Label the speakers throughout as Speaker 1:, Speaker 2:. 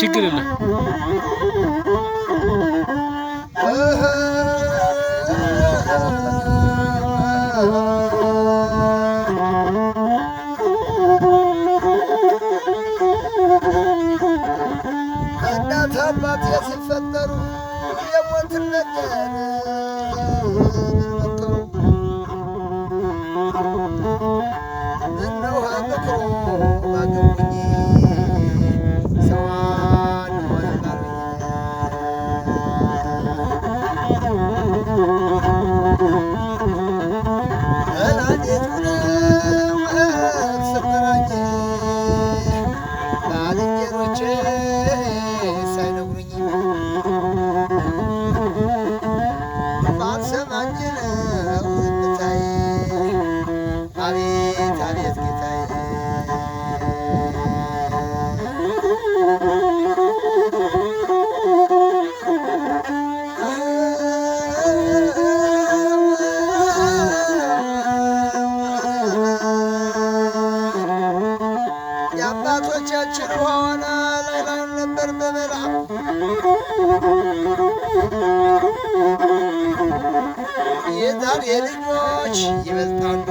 Speaker 1: ችግር የለም። እናት አባት የሲፈጠሩ የሞትነት umaga, Maggie.
Speaker 2: የዛሬ ልጆች ይበልጣሉ፣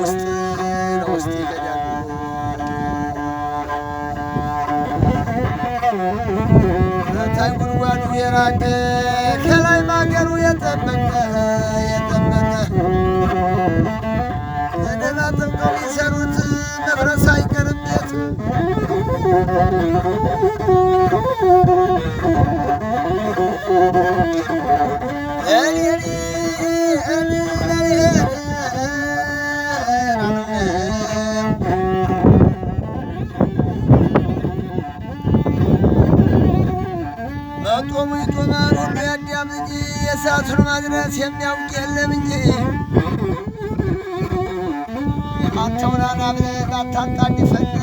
Speaker 2: ውስጥ ለውስጥ ይገዳሉ። ከታይ ጉድጓዱ የራቀ ከላይ ማገሩ የጠበቀ የጠበቀ ገደላ ጥብቀው ሊሰሩት መፍረስ አይቀርም ቤት ራስ የሚያውቅ የለም እንጂ አተውናና ብለህ አታጣድፈን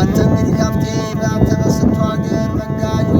Speaker 2: አንተ እንግዲህ ካፍቴ በአንተ በስንቱ ሀገር መጋጅ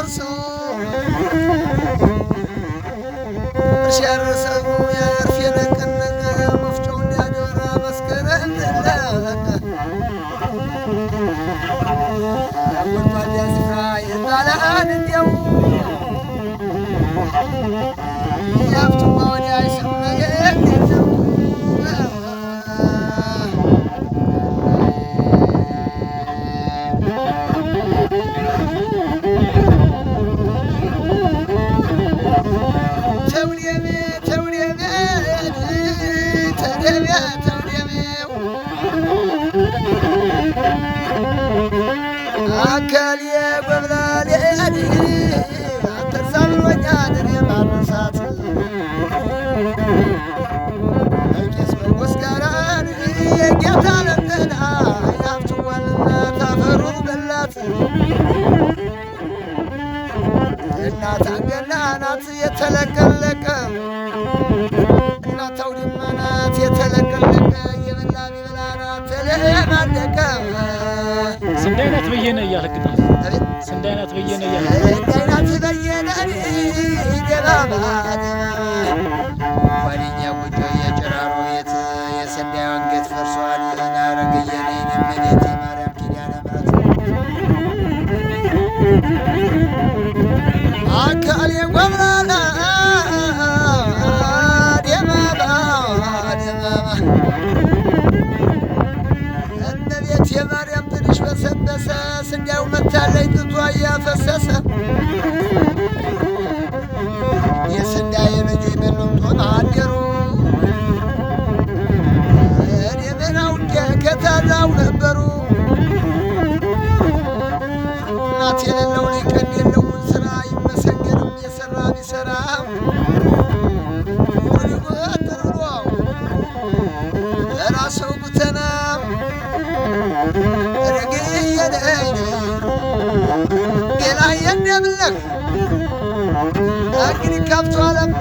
Speaker 2: እርሻ ሸርሰቡ ያርፍ የነቀነቀ መጓያ ስፍራ የጣላአን እንዲያው ያብቱማ ወዲያ ሰማየ ናት የተለቀለቀ እናት አውድማ ናት የተለቀለቀ የበላ ቢበላ ናት ለማለቀ
Speaker 1: ስንዴ አይነት በየነ እያለቅጣል ስንዴ አይነት በየነ እያለ
Speaker 2: ስንዴ አይነት በየነ ደባባ በዛው ነበሩ። እናት የሌለው ቀን የለውን ስራ ይመሰገንም የሰራ ቢሰራ ራሰው ጉተና ርግየደይነ ጌላ የንደምለክ አግሪ ካብቶ አለም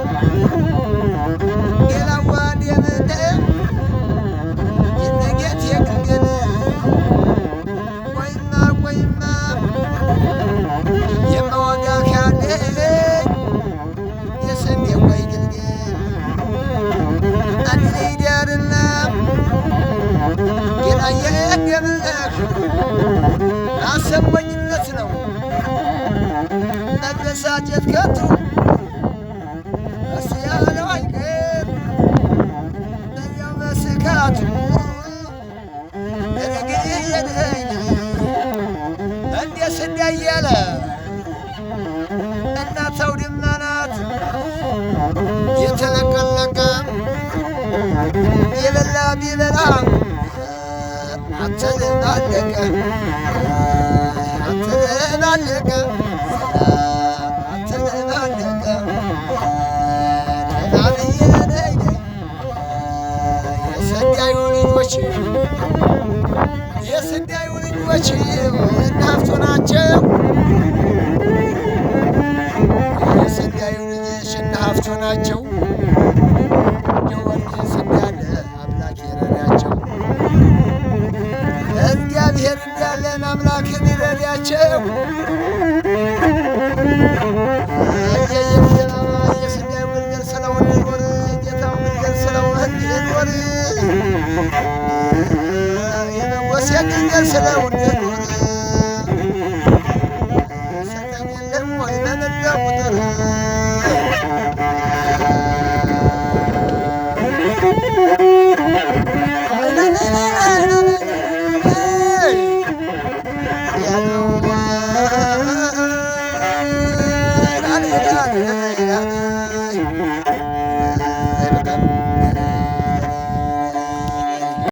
Speaker 2: መበሳጨት ከቱ እሱ ያለው አይቀር በዚያው በስካቱ እርግየድኝ እንደ እናተው ድመናት የተለቀለቀ የበላ ቢበላ የስንዴው ልጆች እናፍቱ ናቸው። የስንዴው ልጆች እናፍቱ ናቸው። ጊዮርጊስ እንዳለ አምላክ ይረዳቸው። እግዚአብሔር እንዳለን አምላክን ይረዳቸው። ছেলে উঠছে